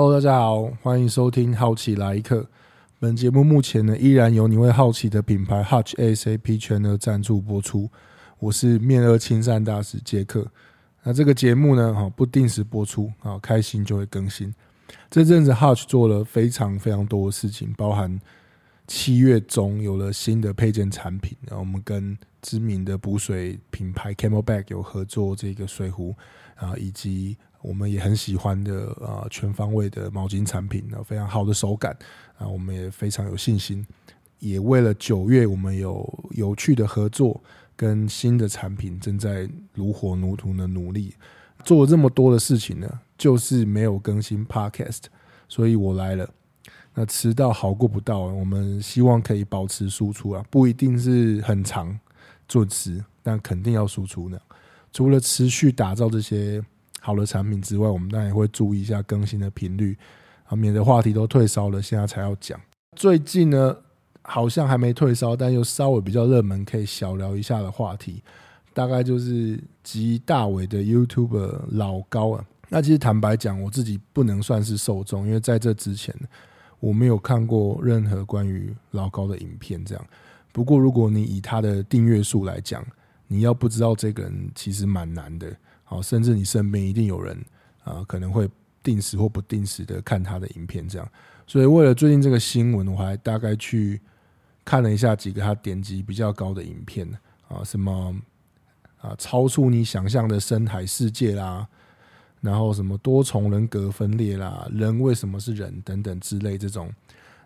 Hello，大家好，歡迎收聽好奇來客。本節目目前呢依然由你會好奇的品牌 Hutch ASAP 全額贊助播出。我是面額親善大使傑克。那這個節目呢，哈，不定時播出，啊，開心就會更新。這陣子 Hutch 做了非常非常多的事情，包含七月中有了新的配件產品，然後我們跟知名的補水品牌 Camelback 有合作這個水壺啊，以及。我們也很喜歡的，啊，全方位的毛巾產品呢，非常好的手感啊，我們也非常有信心，也為了九月我們有有趣的合作跟新的產品，正在如火如荼的努力，做了這麼多的事情呢，就是沒有更新 Podcast，所以我來了。那遲到好過不到，我們希望可以保持輸出啊，不一定是很長準時，但肯定要輸出呢。除了持續打造這些。好的產品之外，我們當然也會注意一下更新的頻率啊，免得話題都退燒了，現在才要講。最近呢，好像還沒退燒，但又稍微比較熱門，可以小聊一下的話題，大概就是集大偉的 YouTuber 老高啊。那其實坦白講，我自己不能算是受眾，因為在這之前我沒有看過任何關於老高的影片這樣。不過如果你以他的訂閱數來講，你要不知道這個人其實蠻難的。好，甚至你身邊一定有人啊，可能會定時或不定時的看他的影片，這樣。所以為了最近這個新聞，我還大概去看了一下幾個他點擊比較高的影片啊，什麼啊，超出你想象的深海世界啦，然後什麼多重人格分裂啦，人為什麼是人等等之類這種。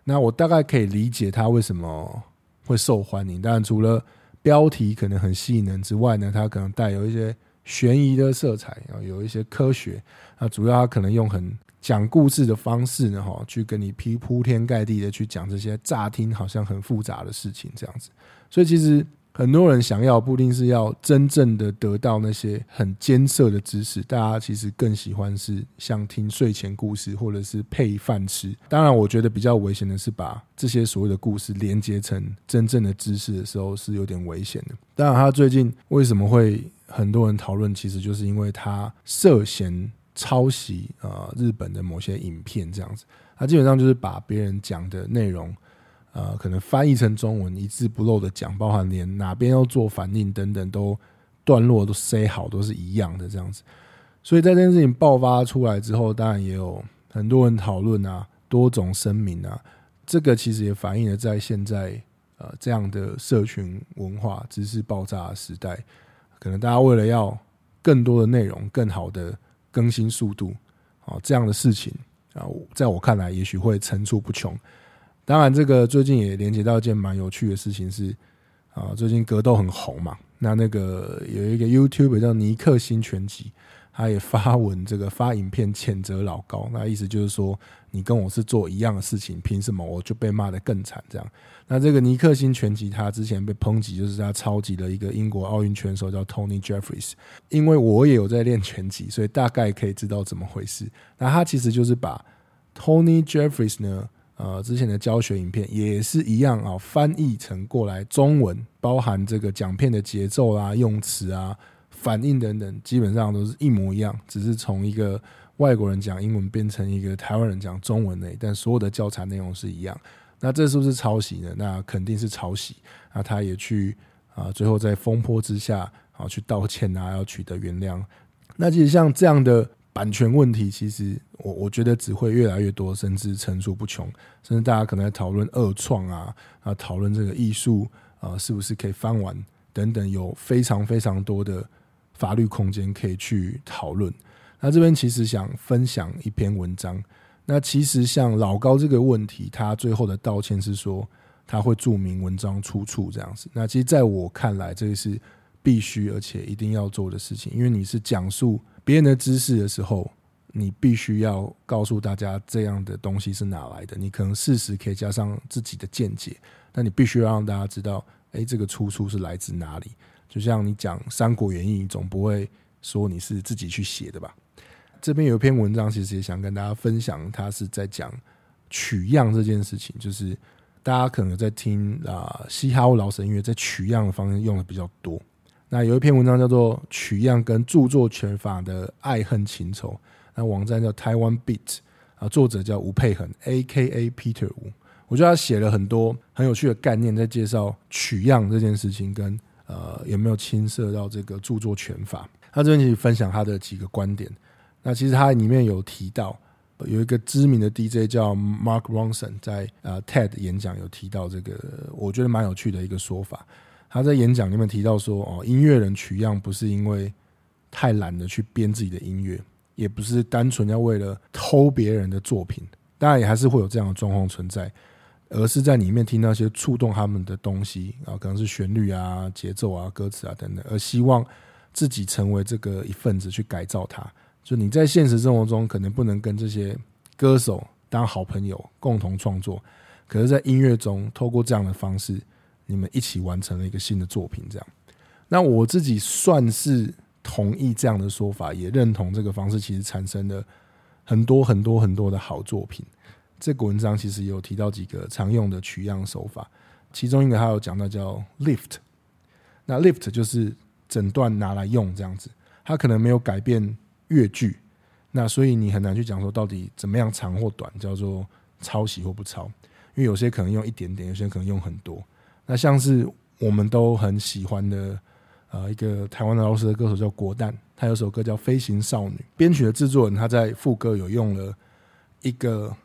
那我大概可以理解他為什麼會受歡迎，當然除了標題可能很吸引人之外呢，他可能帶有一些。懸疑的色彩，有一些科學，那主要他可能用很講故事的方式呢，哈，去跟你批鋪天蓋地的去講這些乍聽好像很複雜的事情，這樣子，所以其實。很多人想要，不一定是要真正的得到那些很艱澀的知識，大家其實更喜歡是像聽睡前故事或者是配飯吃。當然，我覺得比較危險的是把這些所有的故事連接成真正的知識的時候，是有點危險的。當然，他最近為什麼會很多人討論，其實就是因為他涉嫌抄襲啊、呃、日本的某些影片這樣子。他基本上就是把別人講的內容。呃，可能翻譯成中文一字不漏的講，包含連哪邊要做反應等等，都段落都 say 好，都是一樣的這樣子。所以在這件事情爆發出來之後，當然也有很多人討論啊，多種聲明啊，這個其實也反映了在現在呃這樣的社群文化知識爆炸的時代，可能大家為了要更多的內容、更好的更新速度，啊、哦、這樣的事情啊，在我看來，也許會層出不窮。當然，這個最近也連接到一件蠻有趣的事情是，啊，最近格鬥很紅嘛。那那個有一個 YouTube 叫尼克星拳擊，他也發文這個發影片譴責老高。那意思就是說，你跟我是做一樣的事情，憑什麼我就被罵得更慘？這樣。那這個尼克星拳擊，他之前被抨擊，就是他抄襲了一個英國奧運拳手叫 Tony Jeffries。因為我也有在練拳擊，所以大概可以知道怎麼回事。那他其實就是把 Tony Jeffries 呢。呃，之前的教學影片也是一樣啊、哦，翻譯成過來中文，包含這個講片的節奏啊、用詞啊、反應等等，基本上都是一模一樣，只是從一個外國人講英文變成一個台灣人講中文內、欸，但所有的教材內容是一樣。那這是不是抄襲呢？那肯定是抄襲。那他也去啊、呃，最後在風波之下啊、哦，去道歉啊，要取得原諒。那其實像這樣的。版權問題，其實我我覺得只會越來越多，甚至層出不窮，甚至大家可能在討論二創啊啊，討論這個藝術啊，是不是可以翻完等等，有非常非常多的法律空間可以去討論。那這邊其實想分享一篇文章。那其實像老高這個問題，他最後的道歉是說他會注明文章出處這樣子。那其實在我看來，這個是必須而且一定要做的事情，因為你是講述。別人的知識的時候，你必須要告訴大家這樣的東西是哪來的。你可能事實可以加上自己的見解，但你必須要讓大家知道，哎，這個出處是來自哪裡。就像你講《三國演義》，總不會說你是自己去寫的吧？這邊有一篇文章，其實也想跟大家分享，它是在講取樣這件事情。就是大家可能在聽啊嘻哈饒舌音樂，在取樣的方面用的比較多。那有一篇文章叫做《取樣跟著作權法的愛恨情仇》，那網站叫 Taiwan Beats，啊，作者叫吳佩恆，A K A Peter Wu。我覺得他寫了很多很有趣的概念，在介紹取樣這件事情跟呃有沒有侵涉到這個著作權法。他這邊其實分享他的幾個觀點。那其實他裡面有提到有一個知名的 DJ 叫 Mark Ronson，在呃 TED 演講有提到這個，我覺得蠻有趣的一個說法。他在演講裡面提到說：“哦，音樂人取樣不是因為太懶得去編自己的音樂，也不是單純要為了偷別人的作品，當然也還是會有這樣的狀況存在，而是在裡面聽到一些觸動他們的東西啊，可能是旋律啊、節奏啊、歌詞啊等等，而希望自己成為這個一份子去改造它。就你在現實生活中可能不能跟這些歌手當好朋友共同創作，可是，在音樂中透過這樣的方式。”你們一起完成了一個新的作品，這樣。那我自己算是同意這樣的說法，也認同這個方式，其實產生了很多很多很多的好作品。這個文章其實有提到幾個常用的取樣手法，其中一個還有講到叫 lift。那 lift 就是整段拿來用這樣子，它可能沒有改變樂句，那所以你很難去講說到底怎麼樣長或短，叫做抄襲或不抄，因為有些可能用一點點，有些可能用很多。那像是我們都很喜歡的，呃，一個台灣的老師的歌手叫國蛋，他有一首歌叫《飛行少女》，編曲的制作人他在副歌有用了一個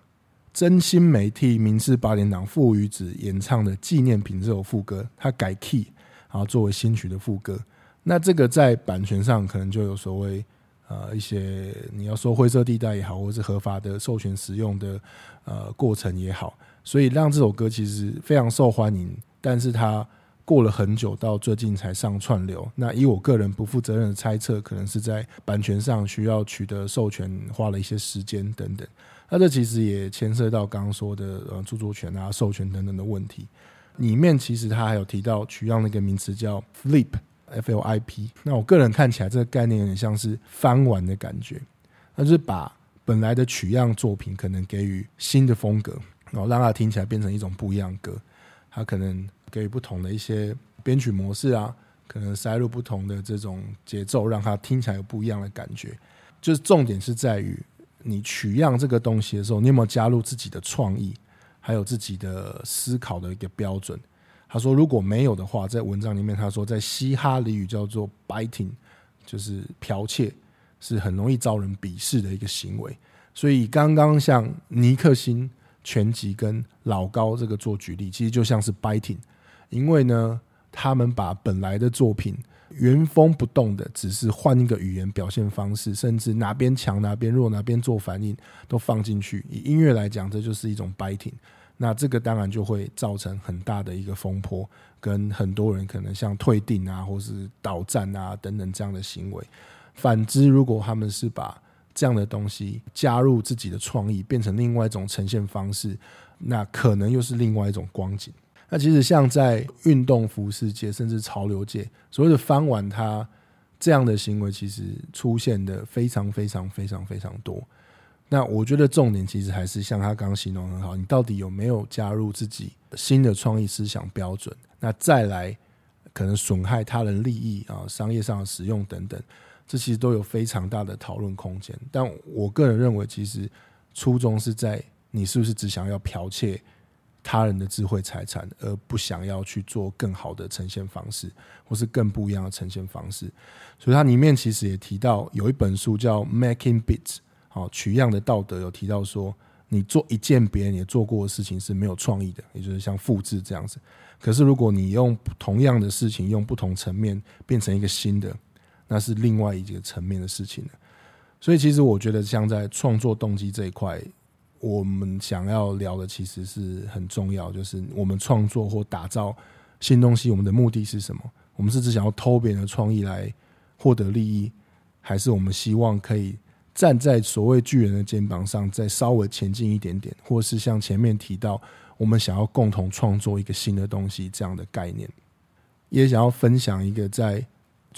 真心媒體，民視八點檔父與子演唱的紀念品這首副歌，他改 key，然後作為新曲的副歌。那這個在版權上可能就有所謂呃一些你要說灰色地帶也好，或者是合法的授權使用的呃過程也好，所以讓這首歌其實非常受歡迎。但是它過了很久，到最近才上串流。那以我個人不負責任的猜測，可能是在版權上需要取得授權，花了一些時間等等。那這其實也牽涉到剛剛說的呃著作權啊、授權等等的問題。裡面其實他還有提到取樣的一個名詞叫 Flip，F-L-I-P。那我個人看起來這個概念有點像是翻玩的感覺，那就是把本來的取樣作品可能給予新的風格，然後讓它聽起來變成一種不一樣的歌。他可能給予不同的一些編曲模式啊，可能塞入不同的這種節奏，讓他聽起來有不一樣的感覺。就是重點是在於你取樣這個東西的時候，你有沒有加入自己的創意，還有自己的思考的一個標準？他說，如果沒有的話，在文章裡面他說，在嘻哈俚語叫做 “biting”，就是剽竊，是很容易遭人鄙視的一個行為。所以剛剛像尼克星，全集跟老高這個做舉例，其實就像是 biting。因為呢，他們把本來的作品原封不動的，只是換一個語言表現方式，甚至哪邊強哪邊弱，哪邊做反應都放進去。以音樂來講，這就是一種 biting。那這個當然就會造成很大的一個風波，跟很多人可能像退訂啊，或是倒站啊等等這樣的行為。反之，如果他們是把這樣的東西加入自己的創意，變成另外一種呈現方式，那可能又是另外一種光景。那其實像在運動服飾界，甚至潮流界，所謂的翻玩，它這樣的行為其實出現的非常非常非常非常多。那我覺得重點其實還是像他剛剛形容很好，你到底有沒有加入自己新的創意思想標準？那再來可能損害他人利益啊，商業上的使用等等。這其實都有非常大的討論空間，但我個人認為，其實初衷是在你是不是只想要剽竊他人的智慧財產，而不想要去做更好的呈現方式，或是更不一樣的呈現方式。所以，它裡面其實也提到有一本書叫《Making Bits》，好取樣的道德有提到說，你做一件別人也做過的事情是沒有創意的，也就是像複製這樣子。可是，如果你用同樣的事情，用不同層面變成一個新的。那是另外一個層面的事情。所以其實我覺得，像在創作動機這一塊，我們想要聊的其實是很重要，就是我們創作或打造新東西，我們的目的是什麼？我們是只想要偷別人的創意來獲得利益，還是我們希望可以站在所謂巨人的肩膀上，再稍微前進一點點，或是像前面提到，我們想要共同創作一個新的東西這樣的概念，也想要分享一個在。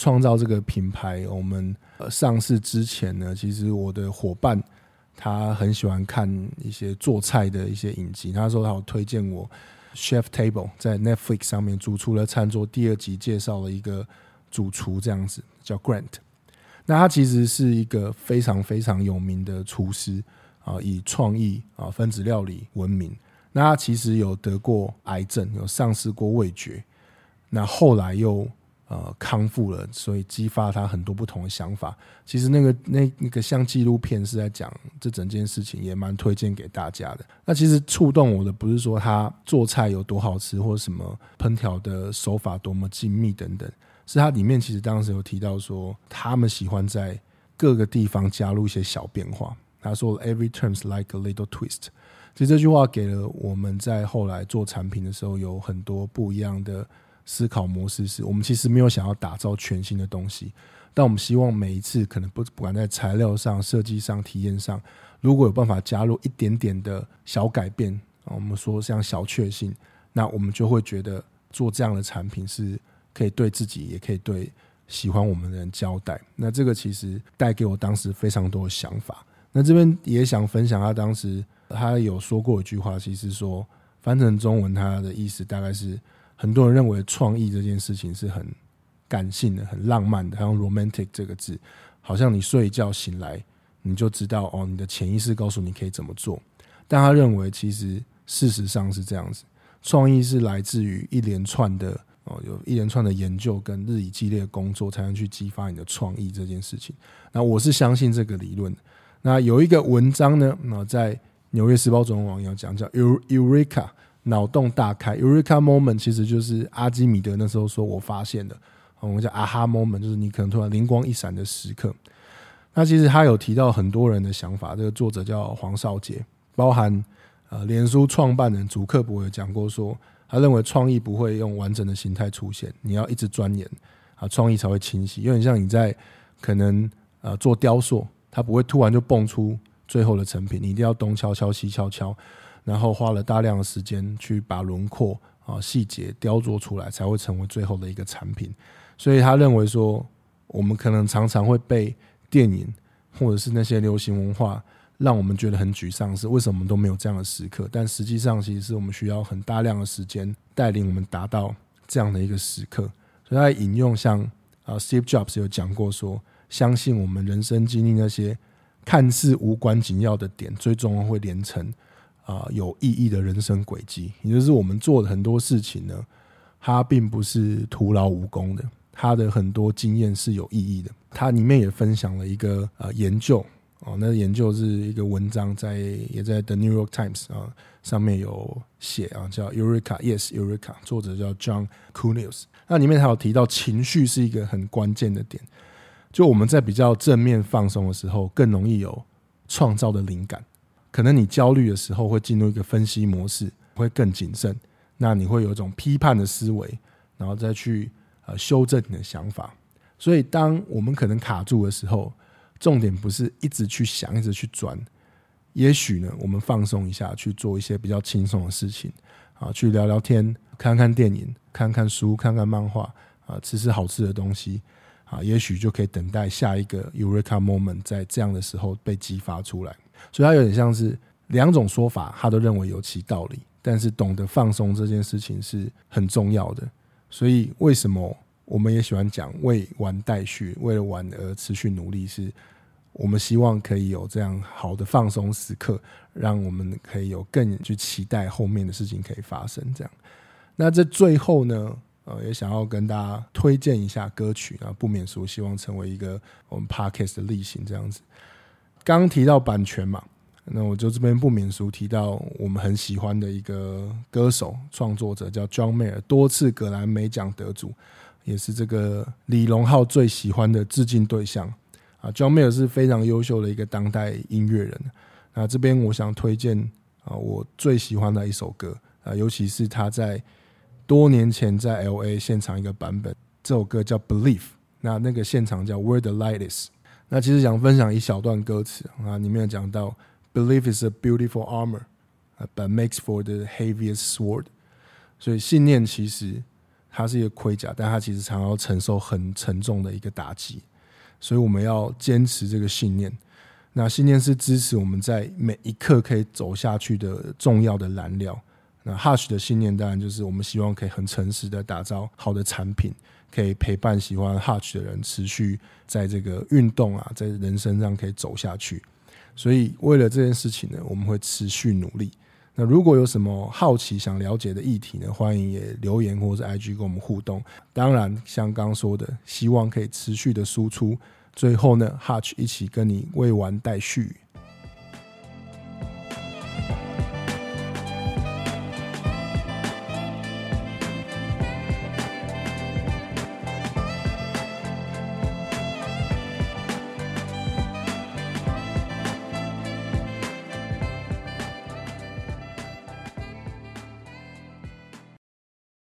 創造這個品牌，我們上市之前呢，其實我的夥伴他很喜歡看一些做菜的一些影集。他說他有推薦我《Chef Table》在 Netflix 上面，主廚的餐桌第二集，介紹了一個主廚，這樣子叫 Grant。那他其實是一個非常非常有名的廚師啊，以創意啊分子料理聞名。那他其實有得過癌症，有喪失過味覺。那後來又。呃，康復了，所以激發他很多不同的想法。其實那個那那個像紀錄片是在講這整件事情，也蠻推薦給大家的。那其實觸動我的不是說他做菜有多好吃，或者什麼烹調的手法多麼精密等等，是他裡面其實當時有提到說，他們喜歡在各個地方加入一些小變化。他說，Every turn is like a little twist。其實這句話給了我們在後來做產品的時候有很多不一樣的。思考模式，是我們其實沒有想要打造全新的東西，但我們希望每一次可能不，不管在材料上、設計上、體驗上，如果有辦法加入一點點的小改變，我們說像小確幸，那我們就會覺得做這樣的產品是可以對自己，也可以對喜歡我們的人交代。那這個其實帶給我當時非常多的想法。那這邊也想分享他當時，他有說過一句話，其實說翻成中文，他的意思大概是。很多人認為創意這件事情是很感性的、很浪漫的，像 “romantic” 這個字，好像你睡一覺醒來，你就知道哦，你的潛意識告訴你可以怎麼做。但他認為，其實事實上是這樣子，創意是來自於一連串的哦，有一連串的研究跟日以繼夜的工作，才能去激發你的創意這件事情。那我是相信這個理論。那有一個文章呢，那、哦、在《紐約時報》中文網要講叫 “Eureka”。腦洞大開，Eureka moment 其實就是阿基米德那時候說，我發現的，我、嗯、們叫 Aha moment，就是你可能突然靈光一閃的時刻。那其實他有提到很多人的想法，這個作者叫黃少杰，包含呃，臉書創辦人祖克伯有講過說，他認為創意不會用完整的形態出現，你要一直鑽研啊，創意才會清晰。因為你像你在可能、呃、做雕塑，它不會突然就蹦出最後的成品，你一定要東敲敲西敲敲。然後花了大量的時間去把輪廓啊，細節雕琢出來，才會成為最後的一個產品。所以他認為說，我們可能常常會被電影或者是那些流行文化讓我們覺得很沮喪，是為什麼我們都沒有這樣的時刻？但實際上，其實是我們需要很大量的時間帶領我們達到這樣的一個時刻。所以他引用像啊 Steve Jobs 有講過說，相信我們人生經歷那些看似無關緊要的點，最終會連成。啊、呃，有意義的人生軌跡，也就是我們做的很多事情呢，它並不是徒勞無功的，它的很多經驗是有意義的。它裡面也分享了一個呃研究哦、呃，那研究是一個文章在也在 The New York Times 啊、呃、上面有寫啊，叫 Eureka，Yes Eureka，作者叫 John k u n i u s 那裡面還有提到情緒是一個很關鍵的點，就我們在比較正面放鬆的時候，更容易有創造的靈感。可能你焦慮的時候會進入一個分析模式，會更謹慎。那你會有一種批判的思維，然後再去呃修正你的想法。所以，當我們可能卡住的時候，重點不是一直去想，一直去轉。也許呢，我們放鬆一下，去做一些比較輕鬆的事情啊，去聊聊天，看看電影，看看書，看看漫畫啊，吃吃好吃的東西啊，也許就可以等待下一個 Eureka moment 在這樣的時候被激發出來。所以他有點像是兩種說法，他都認為有其道理，但是懂得放鬆這件事情是很重要的。所以為什麼我們也喜歡講「未完待續」，為了玩而持續努力，是我們希望可以有這樣好的放鬆時刻，讓我們可以有更去期待後面的事情可以發生。這樣，那這最後呢，呃，也想要跟大家推薦一下歌曲啊，不免說希望成為一個我們 Podcast 的例行這樣子。剛提到版權嘛，那我就這邊不免俗提到我們很喜歡的一個歌手創作者叫 John Mayer，多次葛萊美獎得主，也是這個李榮浩最喜歡的致敬對象啊。John Mayer 是非常優秀的一個當代音樂人。那這邊我想推薦啊，我最喜歡的一首歌啊，尤其是他在多年前在 LA 現場一個版本，這首歌叫 Belief，那那個現場叫 Where the Light Is。那其實想分享一小段歌詞啊，裡面有講到 “Belief is a beautiful armor, but makes for the heaviest sword。”所以信念其實它是一個盔甲，但它其實常常要承受很沉重的一個打擊。所以我們要堅持這個信念。那信念是支持我們在每一刻可以走下去的重要的燃料。那 Hutch 的信念當然就是我們希望可以很誠實的打造好的產品。可以陪伴喜歡 Hutch 的人，持續在這個運動啊，在人生上可以走下去。所以為了這件事情呢，我們會持續努力。那如果有什麼好奇想了解的議題呢，歡迎也留言或者是 IG 跟我們互動。當然，像剛說的，希望可以持續的輸出。最後呢，Hutch 一起跟你未完待續。